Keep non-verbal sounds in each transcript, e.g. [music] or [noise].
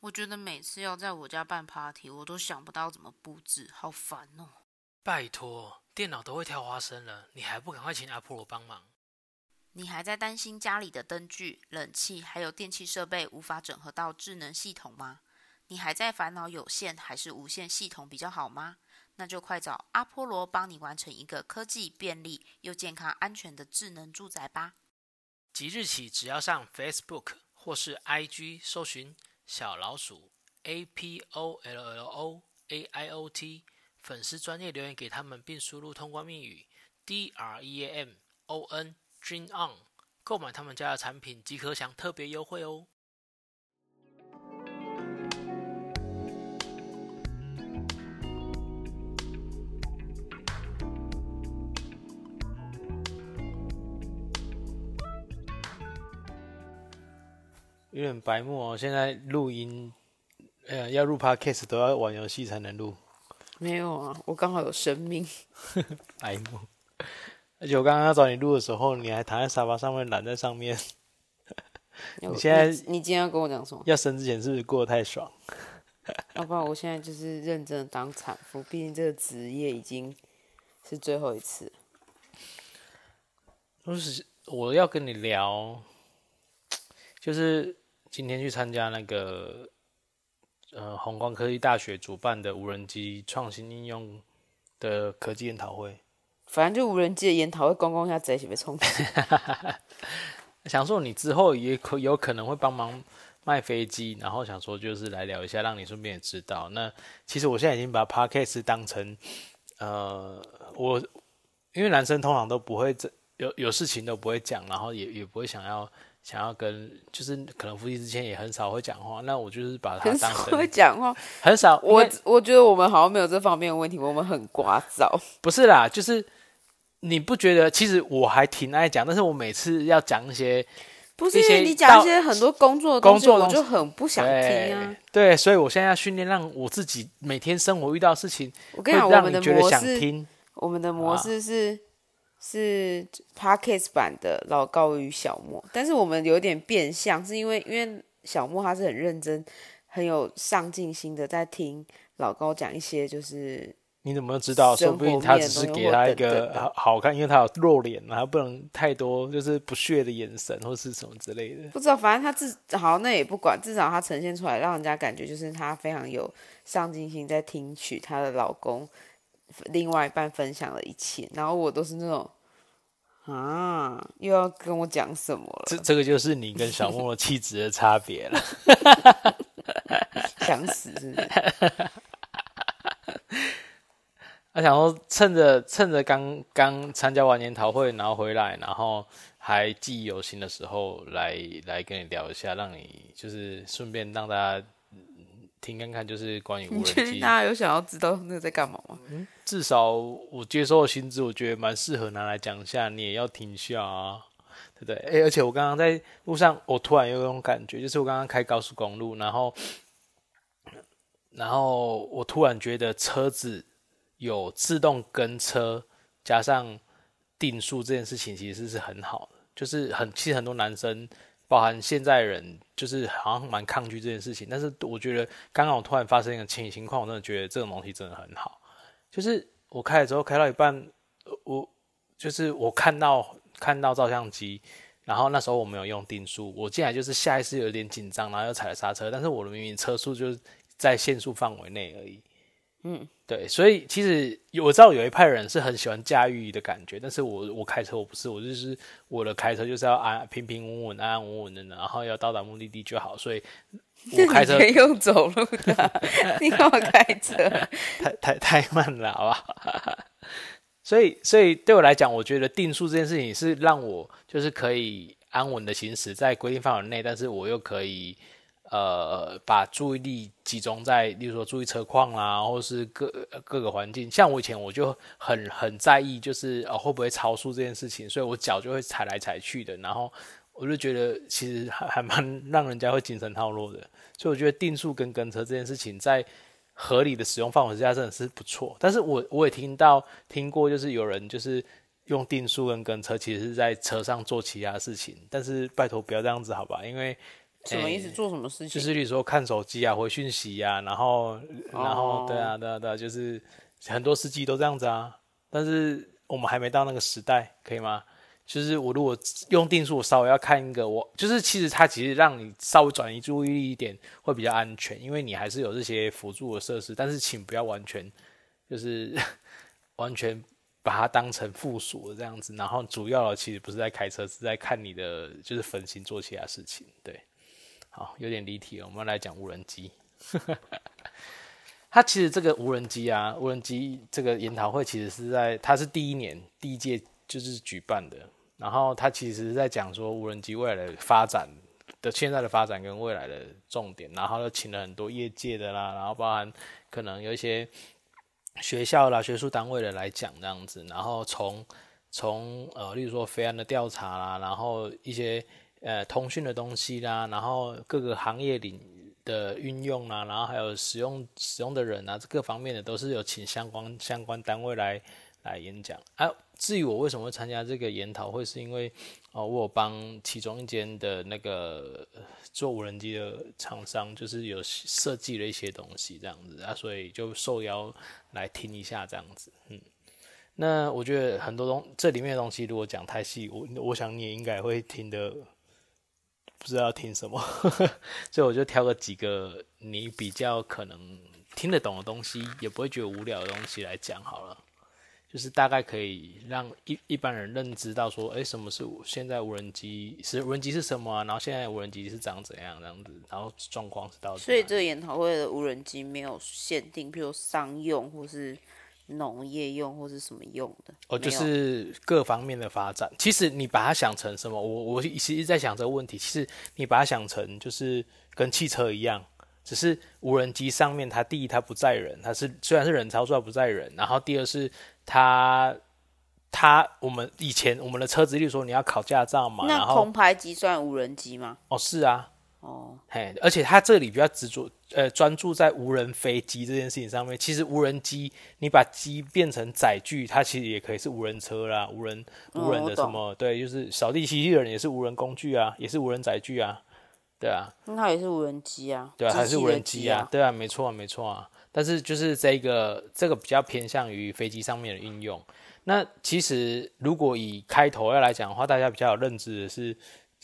我覺得每次要在我家辦 party，我都想不到怎麼佈置，好煩哦！拜托，電腦都會挑花生了，你還不趕快請阿波羅幫忙？你還在擔心家裡的燈具、冷氣還有電器設備無法整合到智能系統嗎？你還在煩惱有線還是無線系統比較好嗎？那就快找阿波羅幫你完成一個科技便利又健康安全的智能住宅吧！即日起，只要上 Facebook 或是 IG 搜尋。小老鼠，A P O L L O A I O T 粉絲專頁留言給他們，並輸入通關密語 D R E A M O N Dream On，購買他們家的產品即可享特別優惠哦。有點白目哦、喔！現在錄音，呃，要錄 podcast 都要玩遊戲才能錄。沒有啊，我剛好有生命。 [laughs] 白目，而且我剛剛要找你錄的時候，你還躺在沙發上面，懶在上面。 [laughs] 你現在你，你今天要跟我講什麼？要生之前是不是過得太爽？要 [laughs] 不然我現在就是認真的當產婦，畢竟這個職業已經是最後一次。不是，我要跟你聊，就是。今天去參加那個，呃，弘光科技大學主辦的無人機創新應用的科技研討會。反正就無人機的研討會，光光一下在前面充電。 [laughs] 想說你之後也可有可能會幫忙賣飛機，然後想說就是來聊一下，讓你順便也知道。那其實我現在已經把 podcast 當成，呃，我因為男生通常都不會這。有有事情都不會講，然後也也不會想要想要跟，就是可能夫妻之間也很少會講話。那我就是把他當成很少會講話，很少。我我覺得我們好像沒有這方面的問題，我們很聒噪。 [laughs] 不是啦，就是你不覺得？其實我還挺愛講，但是我每次要講一些，不是因為你講一些很多工作的工作的，我就很不想聽啊。對，對所以我現在要訓練讓我自己每天生活遇到事情，我跟你講，會讓你覺得想聽，我們的模式，啊、我們的模式是。是 Podcast 版的老高與小茉，但是我們有點變相，是因為因為小茉她是很認真、很有上進心的，在聽老高講一些就是。等等，你怎麼知道？說不定他只是給她一個好看，因為他有露臉，他不能太多就是不屑的眼神或是什麼之類的。不知道，反正他自好像那也不管，至少他呈現出來，讓人家感覺就是他非常有上進心，在聽取她的老公。另外一半分享了一切，然後我都是那種啊，又要跟我講什麼了？這這個就是你跟小茉的氣質的差別了， [laughs] [laughs] 想死是不是？ [laughs] 我想說趁着趁着剛剛參加完研討會，然後回來，然後還記憶猶新的時候，來來跟你聊一下，讓你就是順便讓大家。聽看看，就是關於無人機。你覺得大家有想要知道那個在幹嘛嗎？嗯？至少我接受的薪資，我覺得蠻適合拿來講一下。你也要聽下啊，對不對？哎，欸，而且我剛剛在路上，我突然有種感覺，就是我剛剛開高速公路，然後，然後我突然覺得車子有自動跟車，加上定速這件事情，其實是很好的。就是很，其實很多男生。包含現在人就是好像蠻抗拒這件事情，但是我覺得剛剛我突然發生一個情情況，我真的覺得這個東西真的很好。就是我開了之後，開到一半，我就是我看到看到照相機，然後那時候我沒有用定速，我進來就是下意識有點緊張，然後又踩了剎車，但是我的明明車速就是在限速範圍內而已。嗯，對，所以其實我知道有一派人是很喜歡駕馭的感覺，但是我我開車我不是，我就是我的開車就是要安平平穩穩安安穩穩的，然後要到達目的地就好。所以我開車不用走路的，啊， [laughs] 你要開車，太太太慢了，好不好 [laughs] 所以所以對我來講，我覺得定速這件事情是讓我就是可以安穩的行駛在規定範圍內，但是我又可以。呃，把注意力集中在，例如說注意車況啦、啊，或是各各個環境。像我以前我就很很在意，就是、呃、會不會超速這件事情，所以我腳就會踩來踩去的，然後我就覺得其實還還蠻讓人家會精神耗弱的。所以我覺得定速跟跟車這件事情，在合理的使用範圍之下，真的是不錯。但是我我也聽到聽過，就是有人就是用定速跟跟車，其實是在車上做其他事情。但是拜托不要這樣子，好吧？因為。什麼意思、欸？做什麼事情？就是比如說看手機啊，回訊息呀、啊，然後，然後，oh. 對啊，對啊，對啊，就是很多司機都這樣子啊。但是我們還沒到那個時代，可以嗎？就是我如果用定速，我稍微要看一個，我就是其實它其實讓你稍微轉移注意力一點會比較安全，因為你還是有這些輔助的設施。但是請不要完全就是完全把它當成附屬這樣子，然後主要的其實不是在開車，是在看你的就是分心做其他事情，對。好，有點離題。我們來講無人機。它 [laughs] 其實這個無人機啊，無人機這個研討會其實是在它是第一年第一屆就是舉辦的。然後它其實在講說無人機未來的發展的現在的發展跟未來的重點。然後又請了很多業界的啦，然後包含可能有一些學校啦、學術單位的來講這樣子。然後從從呃，例如說飛安的調查啦，然後一些。呃，通訊的東西啦，然後各個行業裡，的運用啦，然後還有使用使用的人啊，這各方面的都是有請相關相關單位來來演講啊。至於我為什麼會參加這個研討會，是因為哦，我有幫其中一間的那個做無人機的廠商，就是有設計了一些東西這樣子啊，所以就受邀來聽一下這樣子。嗯，那我覺得很多東這裡面的東西，如果講太細，我我想你也應該會聽得。不知道要聽什麼呵呵，所以我就挑個幾個你比較可能聽得懂的東西，也不會覺得無聊的東西來講好了。就是大概可以讓一一般人認知到說，哎、欸，什麼是現在無人機？是無人機是什麼啊，然後現在無人機是長怎樣這樣子，然後狀況是到。所以這個研討會的無人機沒有限定，比如商用或是。農業用或是什麼用的？哦，就是各方面的發展。其實你把它想成什麼？我我其實一直在想這個問題。其實你把它想成就是跟汽車一樣，只是無人機上面，它第一它不載人，它是雖然是人操作，不載人。然後第二是它它我們以前我們的車子，例如說你要考駕照嘛，那空拍機算無人機嗎？哦，是啊。哦、嗯、嘿，而且他這裡比較執着，呃，專注在無人飛機這件事情上面。其實無人機，你把機變成載具，它其實也可以是無人車啦，無人、無人的什麼，嗯、對，就是掃地機器人也是無人工具啊，也是無人載具啊，對啊。那、嗯、它也是無人機啊，對啊，還是無人機啊，對啊，沒錯、啊，沒錯啊。但是就是這個這個比較偏向於飛機上面的應用、嗯。那其實如果以開頭要來講的話，大家比較有認知的是。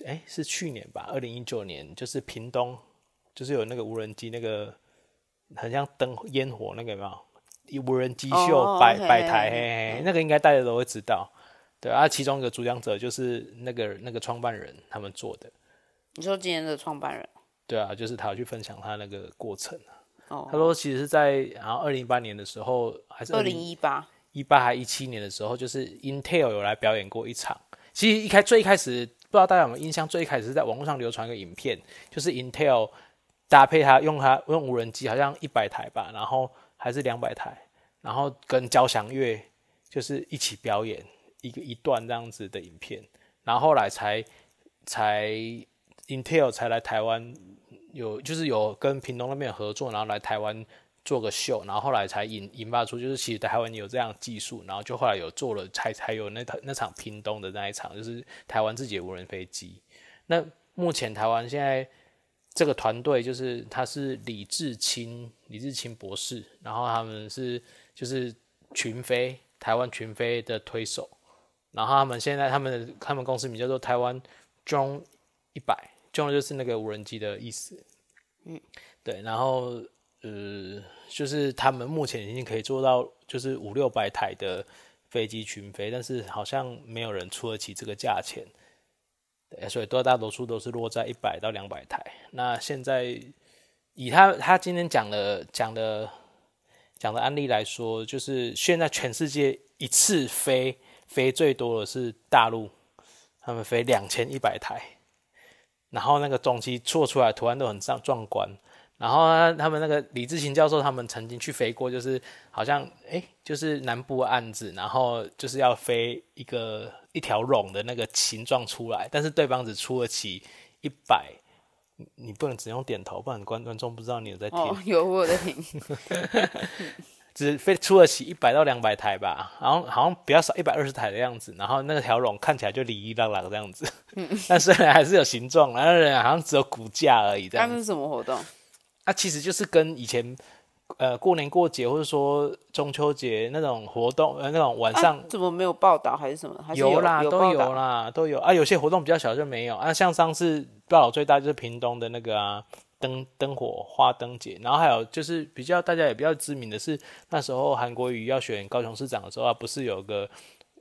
哎、欸，是去年吧？二零一九年，就是屏東，就是有那個無人機，那個很像燈煙火、火那個有沒有？無人機秀擺擺、oh, okay. 台嘿嘿，那個應該大家都會知道，對啊。其中一個主講者就是那個那個創辦人他們做的。你說今年的創辦人？對啊，就是他有去分享他那個過程、啊 oh. 他說其實是在然後二零一八年的時候還是二零一八一八還一七年的時候，就是 Intel 有來表演過一場。其實一開最一開始。不知道大家有沒有印象，最開始是在網絡上流傳一個影片，就是 Intel 搭配它，用它用無人機，好像一百台吧，然後還是兩百台，然後跟交響樂就是一起表演一個一段這樣子的影片，然後後來才才 Intel 才來台灣，有就是有跟屏東那邊合作，然後來台灣，做個秀，然後後來才引引發出，就是其實台灣有這樣技術，然後就後來有做了，才才有那那場屏東的那一場，就是台灣自己的無人飛機。那目前台灣現在這個團隊，就是他是李志清，李志清博士，然後他們是就是群飛，台灣群飛的推手，然後他們現在他們的他們公司名叫做台灣 Drone 一百，Drone 就是那個無人機的意思，嗯，對，然後。呃、嗯，就是他們目前已經可以做到，就是五六百台的飛機群飛，但是好像沒有人出得起這個價錢，對，所以大大多數都是落在一百到兩百台。那現在以他他今天講的講的講的案例來說，就是現在全世界一次飛飛最多的是大陸，他們飛兩千一百台，然後那個東西做出來圖案都很壯壯觀。然後他們那個李志勤教授，他們曾經去飛過，就是好像哎，就是南部案子，然後就是要飛一個一條龍的那個形狀出來，但是對方只出得起一百，你不能只用點頭，不然觀觀眾不知道你有在聽。哦、有我在聽。 [laughs] [laughs] 只飛出得起一百到兩百台吧，然後好像比較少一百二十台的樣子，然後那個條龍看起來就裡一亂亂這樣子，但雖然還是有形狀，然後人好像只有骨架而已。這樣子。他們是什麼活動？嗯 [laughs] 那、啊、其實就是跟以前，呃，過年過節或者說中秋節那種活動，呃，那種晚上，啊、怎麼沒有報道還是什麼？還是有，有啦有，都有啦，都有啊。有些活動比較小就沒有啊。像上次報道最大就是屏東的那個啊，燈、燈火花燈節。然後還有就是比較大家也比較知名的是，那時候韓國瑜要選高雄市長的時候啊，不是有個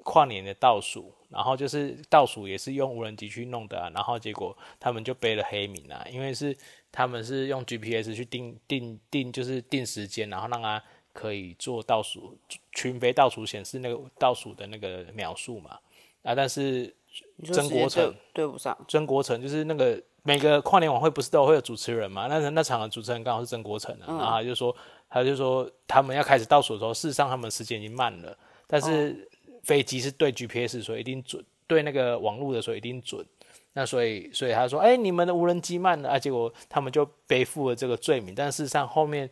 跨年的倒數，然後就是倒數也是用無人機去弄的啊。然後結果他們就背了黑名啊，因為是。他們是用 GPS 去定定定，就是定時間，然後讓他可以做倒數群飛倒數顯示那個倒數的那個秒數嘛啊，但是曾國城對不上。曾國城就是那個每個跨年晚會不是都會有主持人嘛？那那場的主持人剛好是曾國城啊，然後他就說他就說，他，就說他們要開始倒數的時候，事實上他們時間已經慢了，但是飛機是對 GPS，所以一定準、嗯，對那個網絡的時候一定準。那所以，所以他說：“哎、欸，你們的無人機慢了啊！”結果他們就背負了這個罪名。但事實上後面，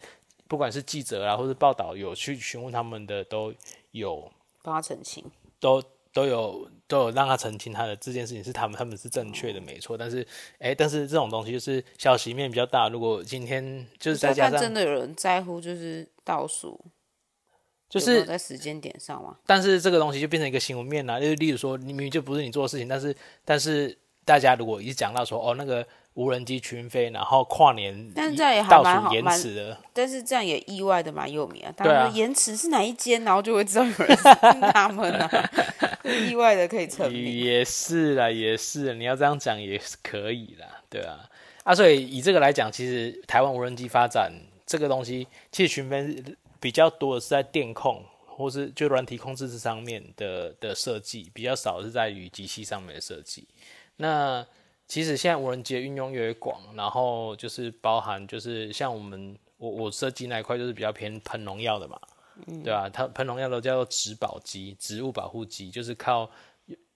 不管是記者啊，或是報道有去詢問他們的，都有幫他澄清，都都有都有讓他澄清他的這件事情是他們他們是正確的，嗯、沒錯。但是，哎、欸，但是這種東西就是消息面比較大。如果今天就是大家真的有人在乎就是，就是倒數，就是在時間點上嘛。但是這個東西就變成一個新聞面啦、啊，就例如說，你明明就不是你做的事情，但是，但是。大家如果一直講到說哦，那個無人機群飛，然後跨年，但是這樣也還蠻延遲的，但是這樣也意外的蠻有名啊。當然，延遲是哪一間，然後就會知道有人他們呢，啊、 [laughs] 麼哪 [laughs] 意外的可以成名。也是啦，也是，你要這樣講也是可以啦，對啊。啊，所以以這個來講，其實台灣無人機發展這個東西，其實群飛比較多的是在電控或是就軟體控制這上面的的設計，比較少是在於機器上面的設計。那其實現在無人機運用越廣，然後就是包含就是像我們我我設計那一塊，就是比較偏噴農藥的嘛、嗯，對吧？它噴農藥都叫做植保機、植物保護機，就是靠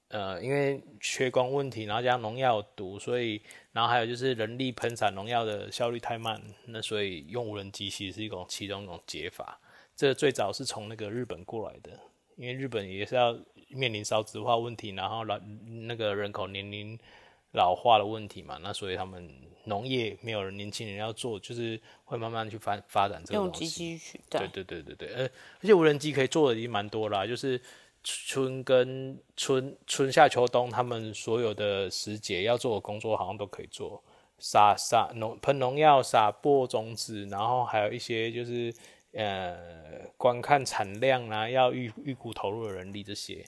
呃因為缺光問題，然後加上農藥有毒，所以然後還有就是人力噴灑農藥的效率太慢，那所以用無人機其實是一種其中一種解法。這個最早是從那個日本過來的，因為日本也是要。面臨少子化問題，然後老，那個人口年齡老化的問題嘛，那所以他們農業沒有人，年輕人要做，就是會慢慢去發發展這個東西。用機器去對，對對對對對對，呃，而且無人機可以做的已經蠻多啦，就是春跟春春夏秋冬他們所有的時節要做的工作好像都可以做，撒撒農噴農藥、撒播種子，然後還有一些就是呃觀看產量啊，要預預估投入的人力這些。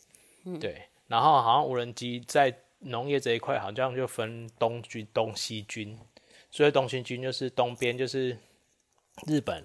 對，然後好像無人機在農業這一塊，好像就分東軍、東西軍，所以東西軍就是東邊就是日本，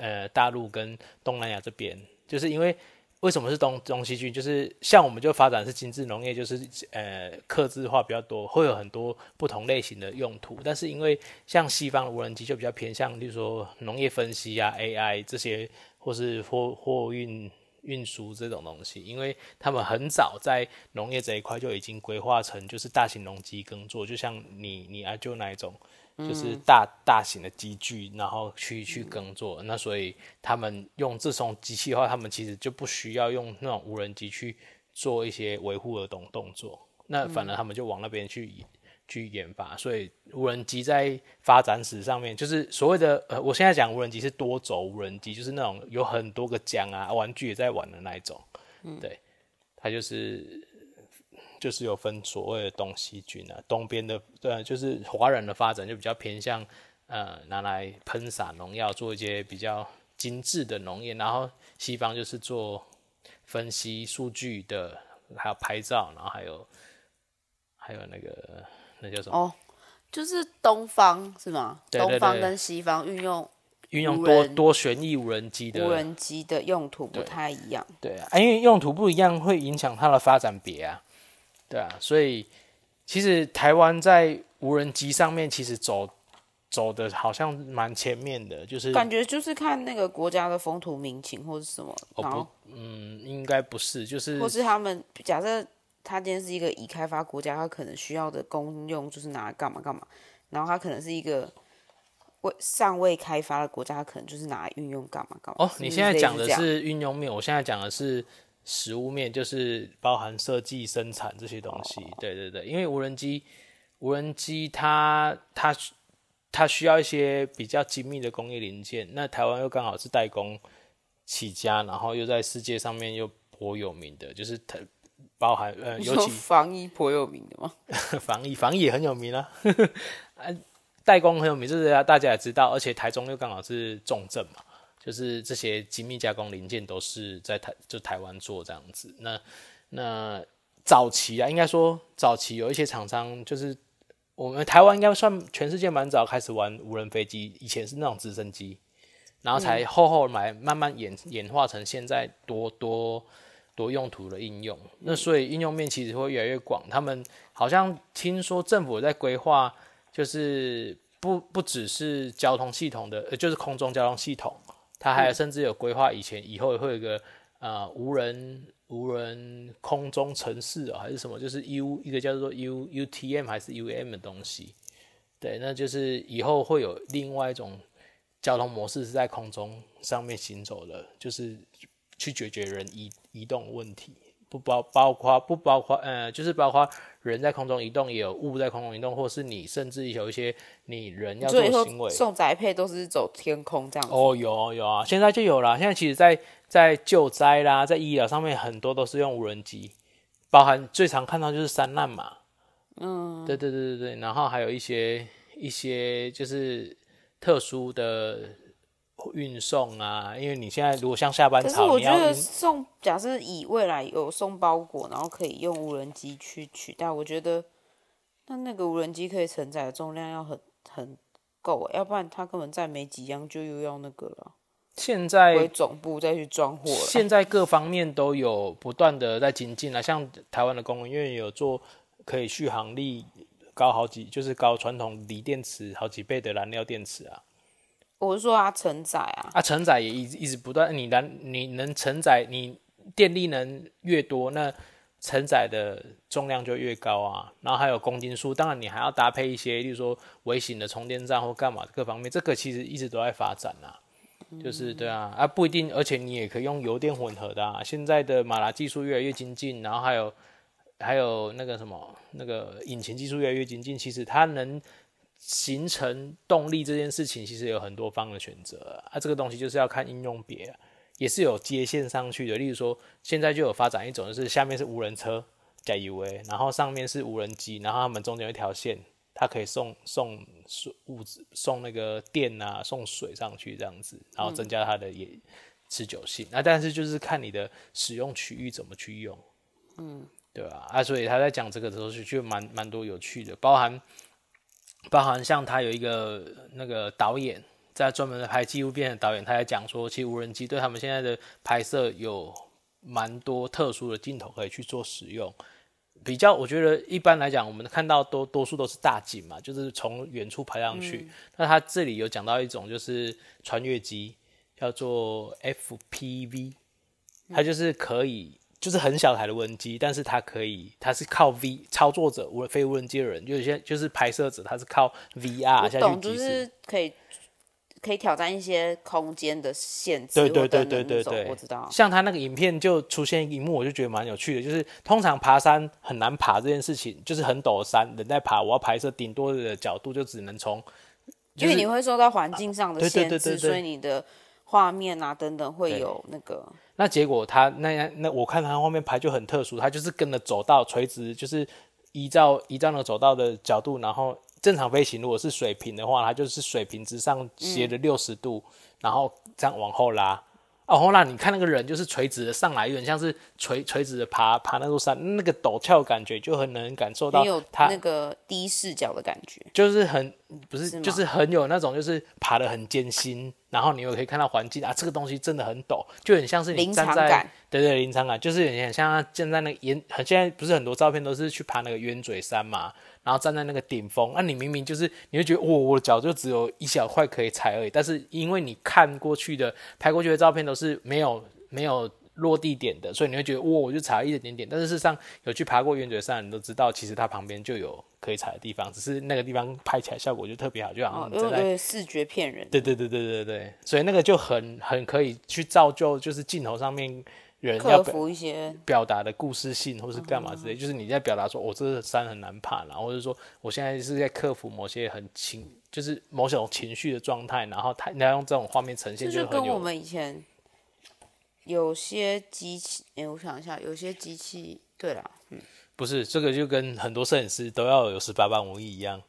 呃，大陸跟東南亞這邊，就是因為為什麼是東、東西軍，就是像我們就發展是精緻農業，就是呃，客製化比較多，會有很多不同類型的用途，但是因為像西方無人機就比較偏向，就是說農業分析啊、AI 這些，或是貨貨運。運輸這種東西，因為他們很早在農業這一塊就已經規劃成就是大型農機耕作，就像你你阿就那一種，就是大大型的機具，然後去去耕作，嗯。那所以他們用這種機器的話，他們其實就不需要用那種無人機去做一些維護的動動作，那反而他們就往那邊去。去研發，所以無人機在發展史上面，就是所謂的呃，我現在講無人機是多軸無人機，就是那種有很多個槳啊，玩具也在玩的那一種。嗯，對，它就是就是有分所謂的東西軍啊，東邊的對，就是華人的發展就比較偏向呃，拿來噴灑農藥，做一些比較精致的農業，然後西方就是做分析數據的，還有拍照，然後還有還有那個。那叫什麼？哦、oh，就是東方是嗎？對對對？東方跟西方運用運用多多旋翼無人機的無人機的用途不太一樣，對。對啊，因為用途不一樣，會影響它的發展別啊。對啊，所以其實台灣在無人機上面其實走走得好像蠻前面的，就是感覺就是看那個國家的風土民情或是什麼。然後、哦、嗯，應該不是，就是或是他們假設。它今天是一個已開發國家，它可能需要的功用就是拿來幹嘛幹嘛，然後它可能是一個未尚未開發的國家，它可能就是拿來運用幹嘛幹嘛。哦，你現在講的是運用面，我現在講的是實物面，就是包含設計、生產這些東西，哦。對對對，因為無人機，無人機它它它需要一些比較精密的工業零件，那台灣又剛好是代工起家，然後又在世界上面又頗有名的就是它。.包含呃，尤其防疫頗有名的嗎？ [laughs] 防疫防疫也很有名啊、 [laughs] 呃，代工很有名，就是大家也知道，而且台中又剛好是重鎮嘛，就是這些精密加工零件都是在台，就台灣做這樣子。那那早期啊，應該說早期有一些廠商，就是我們台灣應該算全世界蠻早開始玩無人飛機，以前是那種直升機，然後才後後來慢慢演、嗯、演化成現在多多。多用途的應用，那所以應用面其實會越來越廣。他們好像聽說政府在規劃，就是不不只是交通系統的，呃，就是空中交通系統，它還甚至有規劃，以前以後會有一個、嗯呃、無人無人空中城市啊、喔，還是什麼，就是 U 一個叫做 U U T M 還是 U M 的東西，對，那就是以後會有另外一種交通模式是在空中上面行走的，就是去解決人一。移動問題，不包包括不包括，不包括，呃就是包括人在空中移動，也有物在空中移動，或是你甚至有一些你人要做的行為，送宅配都是走天空這樣子哦、oh, 有有啊現在就有了。現在其實在在救災啦，在醫療上面很多都是用無人機，包含最常看到就是山難嘛。嗯，對對對對對，然後還有一些一些就是特殊的。運送啊，因為你現在如果像下班，可是我覺得送，假設以未來有送包裹，然後可以用無人機去取代，我覺得那那個無人機可以承載的重量要很很夠，啊，要不然它根本在沒幾樣就又要那個了。現在回總部再去裝貨，現在各方面都有不斷的在精進啊，像台灣的工研院有做可以續航力高好幾，就是高傳統鋰電池好幾倍的燃料電池啊。我是說它承載啊，啊承載也一直一直不斷，你能你能承載，你電力能越多，那承載的重量就越高啊。然後還有公斤數，當然你還要搭配一些，例如說微型的充電站或幹嘛的各方面，這個其實一直都在發展啊。就是對啊，嗯、啊不一定，而且你也可以用油電混合的啊。現在的馬拉技術越來越精進，然後還有還有那個什麼那個引擎技術越來越精進，其實它能。形成動力這件事情，其實有很多方的選擇啊。啊這個東西就是要看應用別、啊，也是有接線上去的。例如說，現在就有發展一種就是下面是無人車加 U A，然後上面是無人機，然後他們中間有一條線，它可以送送送物資、送那個電啊、送水上去這樣子，然後增加它的也持久性。那、嗯啊、但是就是看你的使用區域怎麼去用，嗯，對啊。啊，所以他在講這個的時候就蠻蠻多有趣的，包含。包含像他有一個那個導演，在專門拍紀錄片的導演，他在講說，其實無人機對他們現在的拍攝有蠻多特殊的鏡頭可以去做使用。比較我覺得一般來講，我們看到多多數都是大景嘛，就是從遠處拍上去，嗯。那他這裡有講到一種就是穿越機，叫做 FPV，它就是可以。就是很小台的無人機，但是它可以，它是靠 V 操作者，無非無人機的人，就有、是、些，就是拍攝者，他是靠 VR 下去。懂，就是可以可以挑戰一些空間的限制等等。對對，對對對對對對，我知道。像他那個影片就出現一幕，我就覺得蠻有趣的。就是通常爬山很難爬這件事情，就是很陡的山，人在爬，我要拍攝，頂多的角度就只能從、就是，因為你會受到環境上的限制，啊、對對對對對對對對，所以你的。畫面啊，等等，會有那個。那結果他那樣，那我看他後面拍就很特殊，他就是跟着走道垂直，就是依照依照了走道的角度，然後正常飛行，如果是水平的話，它就是水平直上斜了六十度、嗯，然後這樣往後拉。哦，那你看那個人就是垂直的上來，有點像是垂垂直的爬爬那座山，那個陡峭的感覺就很能感受到他，很有那個低視角的感覺，就是很不是,是就是很有那種就是爬的很艱辛，然後你又可以看到環境啊，這個東西真的很陡，就很像是你站在，臨場感，對對，臨場感就是有點像現在那岩、個，現在不是很多照片都是去爬那個鳶嘴山嘛。然後站在那個頂峰，那、啊、你明明就是，你會覺得，哇、哦，我的腳就只有一小塊可以踩而已。但是因為你看過去的拍過去的照片都是沒有沒有落地點的，所以你會覺得，哇、哦，我就踩了一點點，點。但是事實上，有去爬過鳶嘴山，你都知道，其實它旁邊就有可以踩的地方，只是那個地方拍起來效果就特別好，就好像很。哦，有、呃、點、呃、視覺騙人。對，對對對對對對，所以那個就很很可以去造就，就是鏡頭上面。人克服一些表達的故事性，或是幹嘛之類、嗯，就是你在表達說，我、哦、這個山很難爬了，或者說我現在是在克服某些很情，嗯、就是某種情緒的狀態，然後他你要用這種畫面呈現就，就是跟我們以前有些機器，哎、欸，我想一下，有些機器，對啦，嗯，不是這個就跟很多攝影師都要有十八般武藝一樣，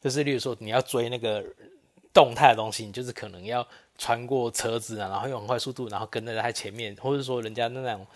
就是例如說你要追那個動態的東西，你就是可能要。穿過車子啊，然後用很快速度，然後跟在他前面，或者說人家那種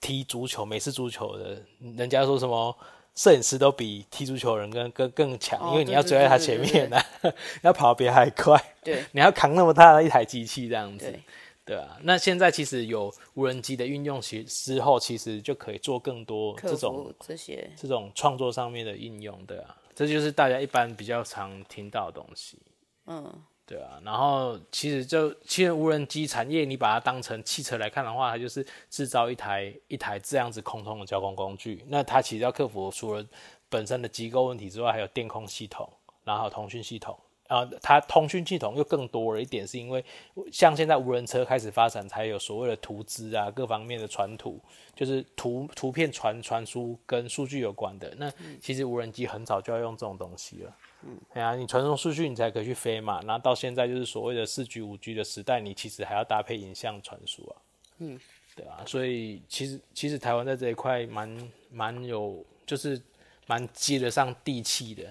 踢足球、美式足球的，人家說什麼攝影師都比踢足球人更更更強、哦，因為你要追在他前面、啊、對對對對對 [laughs] 要跑別他快，對，你要扛那麼大的一台機器這樣子對，對啊。那現在其實有無人機的運用，其之後其實就可以做更多這種這些這種創作上面的應用，對啊，這就是大家一般比較常聽到的東西，嗯。對啊，然後其實就其實無人機產業，你把它當成汽車來看的話，它就是製造一台一台這樣子空中的交通工具。那它其實要克服除了本身的機構問題之外，還有電控系統，然後有通訊系統。然後它通訊系統又更多了一點，是因為像現在無人車開始發展，才有所謂的圖資啊，各方面的傳圖，就是圖圖片傳傳輸跟數據有關的。那其實無人機很早就要用這種東西了。嗯，對啊，你傳送數據你才可以去飛嘛。那到現在就是所謂的四 G、五 G 的時代，你其實還要搭配影像傳輸啊。嗯，對啊，所以其實其實台灣在這一塊蠻蠻有，就是蠻接得上地氣的。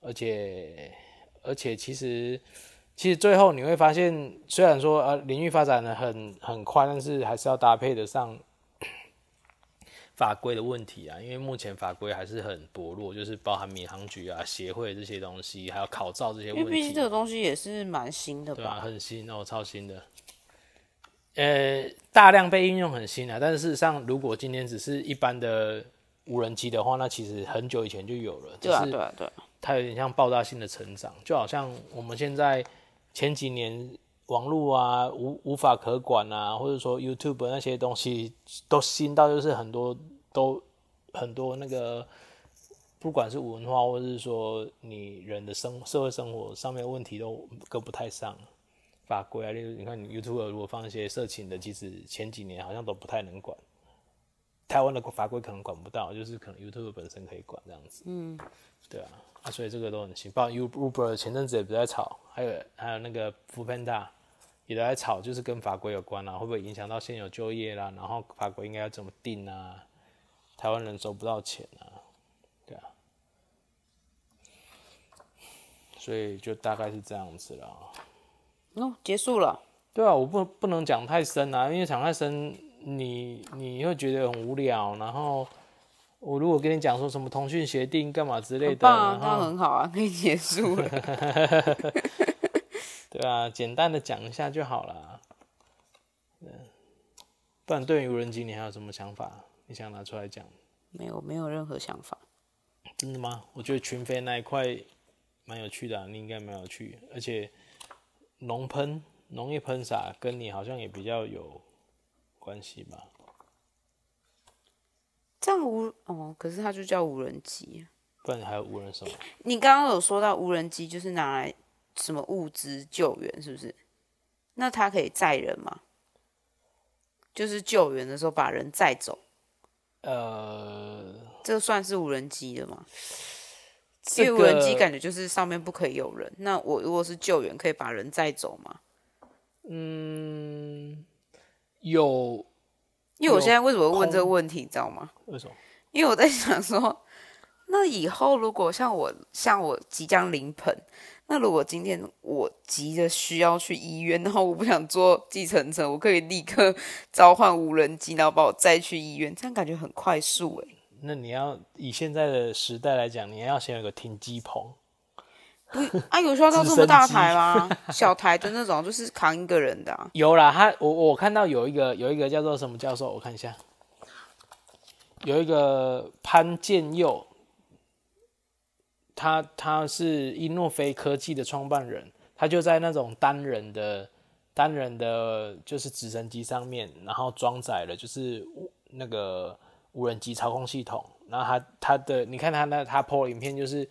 而且而且其實其實最後你會發現，雖然說呃領域發展的很很快，但是還是要搭配得上法規的問題啊，因為目前法規還是很薄弱，就是包含民航局啊、協會這些東西，還有考照這些問題。因為畢竟這個東西也是蠻新的吧？對啊，很新我哦，超新的。呃，欸，大量被應用很新啊，但是事實上，如果今天只是一般的無人機的話，那其實很久以前就有了。對啊，對啊，對。它有點像爆炸性的成長，就好像我們現在前幾年。網絡啊，無無法可管吶、啊，或者說 YouTube 那些東西都新到，就是很多都很多那個，不管是文化或者是說你人的生社會生活上面的問題都跟不太上法規啊。例如你看 YouTube 如果放一些色情的機，其實前幾年好像都不太能管，台灣的法規可能管不到，就是可能 YouTube 本身可以管這樣子。嗯，對啊，啊所以這個都很新，包括 Uber 前陣子也不在炒，還有還有那個 foodpanda。也來吵，就是跟法規有關啊，會不會影響到現有就業啦、啊？然後法規應該要怎麼定啊？台灣人收不到錢啊，對啊。所以就大概是這樣子了。哦，結束了。對啊，我不不能講太深啊，因為講太深，你你又覺得很無聊。然後我如果跟你講說什麼通訊協定幹嘛之類的。那很，啊、很好啊，可以結束了。 [laughs] [laughs] 對啊，簡單的講一下就好了。不然對於無人機，你還有什麼想法？你想拿出來講？沒有，沒有任何想法。真的嗎？我覺得群飛那一塊蠻有趣的啊，你應該蠻有趣。而且農噴農業噴灑跟你好像也比較有關係吧？這樣無哦，可是它就叫無人機。不然還有無人手？你剛剛有說到無人機就是拿來。什麼物資救援是不是？那他可以載人嗎？就是救援的時候把人載走。呃，這算是無人機的嗎？這個，因為無人機感覺就是上面不可以有人。那我如果是救援，可以把人載走嗎？嗯，有。因為我現在為什麼問這個問題，你知道嗎？為什麼？因為我在想說。那以後如果像我像我即將臨盆，那如果今天我急着需要去醫院，然後我不想坐計程車，我可以立刻召喚無人機，然後把我載去醫院，這樣感覺很快速哎。那你要以現在的時代來講，你要先有個停機棚，不啊，有需要到這麼大台嗎？啊？ [laughs] 小台的那種，就是扛一個人的、啊。有啦，他我我看到有一個有一個叫做什麼教授，我看一下，有一個潘建佑。他他是伊諾非科技的創辦人，他就在那種單人的單人的就是直升機上面，然後裝載了就是那個無人機操控系統。然後他他的你看他那他 PO 的影片就是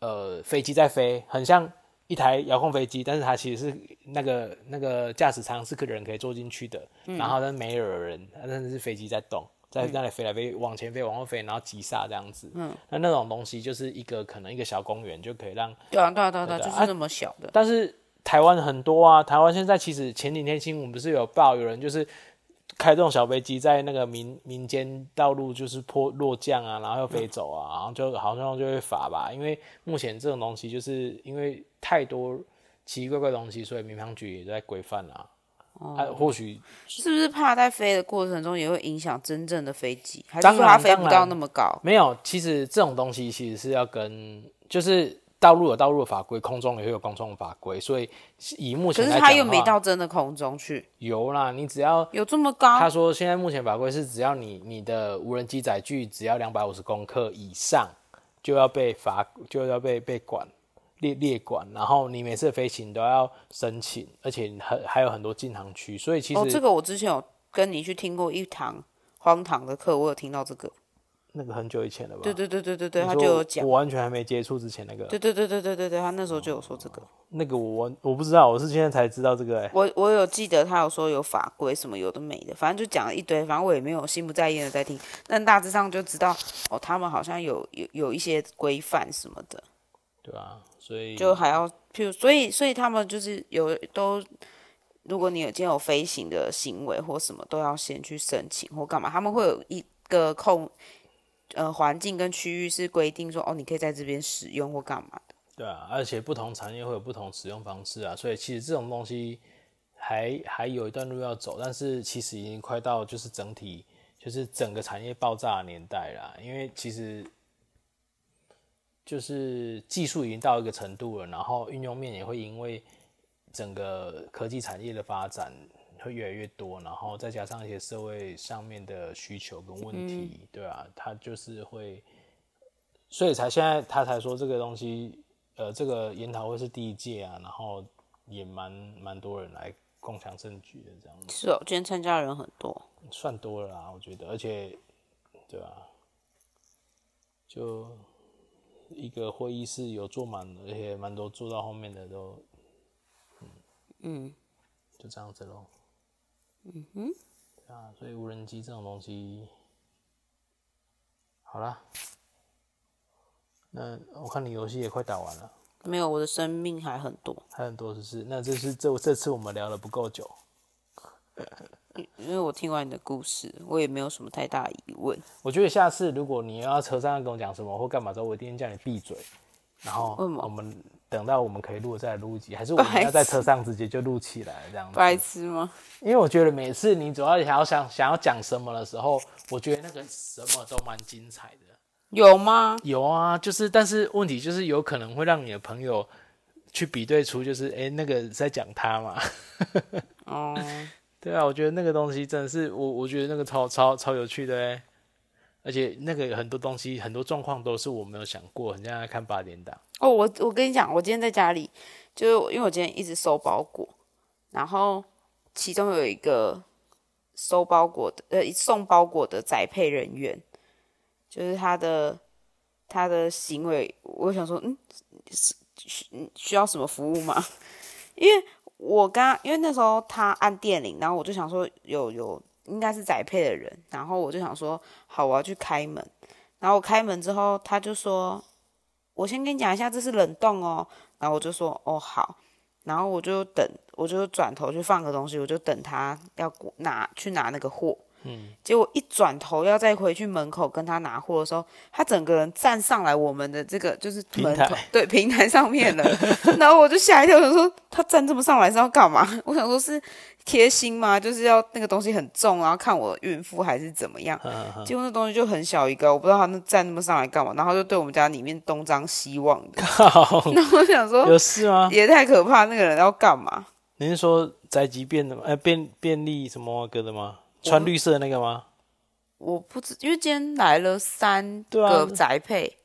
呃飛機在飛，很像一台遙控飛機，但是它其實是那個那個駕駛艙是個人可以坐進去的，嗯、然後但是沒有人，他真的是飛機在動。在那裡飛來飛，往前飛，往後飛，然後急剎這樣子。嗯，那那種東西就是一個可能一個小公園就可以讓。對、嗯、啊，對啊，對啊，就是那麼小的。啊、但是台灣很多啊，台灣現在其實前幾天新聞不是有報有人就是開這種小飛機在那個民民間道路就是坡落降啊，然後又飛走啊，嗯、然後就好像就會罰吧，因為目前這種東西就是因為太多奇奇怪怪的東西，所以民航局也在規範啊。哎、嗯，或許是不是怕在飛的過程中也會影響真正的飛機？還是說它飛不到那麼高？沒有，其實這種東西其實是要跟，就是道路有道路的法規，空中也會有空中法規，所以以目前來，可是它又沒到真的空中去。有啦，你只要有這麼高。他說現在目前法規是只要你你的無人機載具只要兩百五十公克以上就，就要被罰，就要被被管。列列管，然後你每次的飛行都要申請，而且很還有很多禁航區，所以其實哦，這個我之前有跟你去聽過一堂荒唐的課，我有聽到這個，那個很久以前了吧？對對對對對對，他就有講，我完全還沒接觸之前那個。對對對對對對對，他那時候就有說這個。嗯、那個我我不知道，我是現在才知道這個哎、欸。我我有記得他有說有法規什麼有的沒的，反正就講了一堆，反正我也沒有心不在焉的在聽，但大致上就知道哦，他們好像有有有一些規範什麼的。對吧？所以就還要，譬如，所以，所以他們就是有都，如果你有今天有飛行的行為或什麼，都要先去申請或幹嘛，他們會有一個空，呃，環境跟區域是規定說，哦，你可以在這邊使用或幹嘛的。對啊，而且不同產業會有不同使用方式啊，所以其實這種東西還還有一段路要走，但是其實已經快到就是整體就是整個產業爆炸的年代啦，因為其實。就是技術已經到一個程度了，然後運用面也會因為整個科技產業的發展會越來越多，然後再加上一些社會上面的需求跟問題，嗯、對啊，他就是會，所以才現在他才說這個東西，呃，這個研討會是第一屆啊，然後也蠻蠻多人來共襄盛舉的這樣子。是哦，今天參加的人很多，算多了啦，我覺得，而且，對啊。就。一個會議室有坐滿，而且蠻多坐到後面的都，嗯、嗯，就這樣子咯。嗯哼。啊，所以無人機這種東西，好了，那我看你遊戲也快打完了，沒有，我的生命還很多，還很多是不是？就是那這是這這次我們聊得不夠久。呃因為我聽完你的故事，我也沒有什麼太大疑問。我覺得下次如果你要車上跟我講什麼或幹嘛之後，我一定叫你閉嘴。然後我們等到我們可以錄再錄一集，還是我們要在車上直接就錄起來這樣？白痴嗎？因為我覺得每次你主要想要想想要講什麼的時候，我覺得那個什麼都蠻精彩的。有嗎？有啊，就是但是問題就是有可能會讓你的朋友去比對出，就是哎、欸、那個在講他嘛。哦、 [laughs] 嗯。對啊，我覺得那個東西真的是我，我覺得那個超超超有趣的誒，而且那個很多東西、很多狀況都是我沒有想過，很像在看八點檔。哦，我我跟你講，我今天在家裡，就是因為我今天一直收包裹，然後其中有一個收包裹的呃送包裹的宅配人員，就是他的他的行為，我想說，嗯，需需要什麼服務嗎？因為。我剛因為那時候他按電鈴，然後我就想說有有應該是宅配的人，然後我就想說好，我要去開門，然後我開門之後他就說，我先跟你講一下這是冷凍哦，然後我就說哦好，然後我就等我就轉頭去放個東西，我就等他要拿去拿那個貨。嗯，結果一轉頭要再回去門口跟他拿貨的時候，他整個人站上來我們的這個就是門口，對平台上面了， [laughs] 然後我就嚇一跳，我想說他站這麼上來是要幹嘛？我想說是貼心嗎？就是要那個東西很重，然後看我孕婦還是怎麼樣啊啊啊？結果那東西就很小一個，我不知道他那站那麼上來幹嘛，然後就對我們家裡面東張西望的， [laughs] 然後我想說有事嗎？也太可怕，那個人要幹嘛？你是說宅急便的嗎？哎、呃，便便利什麼哥的嗎？穿綠色的那個嗎？我，我不知，因為今天來了三個宅配，啊、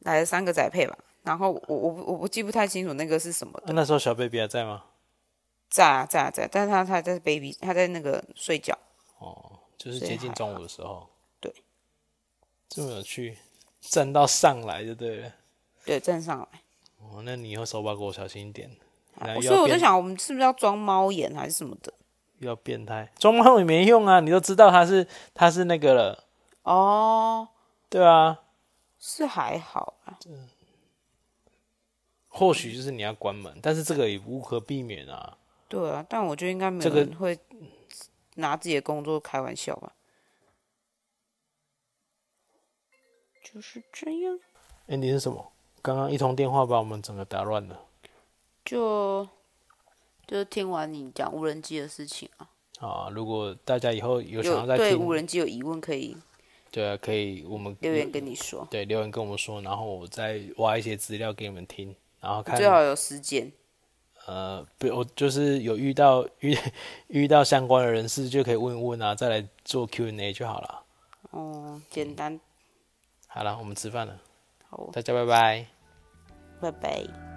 來了三個宅配吧。然後我我我不，我記不太清楚那個是什麼的，啊。那時候小 baby 還在嗎？在啊在啊在啊，但是他他在 baby 他在那個睡覺。哦，就是接近中午的時候。對。這麼有趣，站到上來就對了。對，站上來。哦，那你以後手把給我小心一點。所以我就想，我們是不是要裝貓眼還是什麼的？比較變態，中文也沒用啊！你都知道他是他是那個了哦，oh, 對啊，是還好啊。或許就是你要關門，嗯，但是這個也無可避免啊。對啊，但我覺得應該沒有人會拿自己的工作開玩笑吧。這個，就是這樣。哎，欸，你是什麼？剛剛一通電話把我們整個打亂了。就。就是聽完你講無人機的事情啊。啊，如果大家以後有想要再對無人機有疑問，可以對啊，可以我們留言跟你說。對，留言跟我們說，然後我再挖一些資料給你們聽，然後看最好有時間。呃，不，我就是有遇到遇到遇到相關的人士，就可以問一問啊，再來做 Q&A 就好了。哦、嗯，簡單。好了，我們吃飯了。好，大家拜拜。拜拜。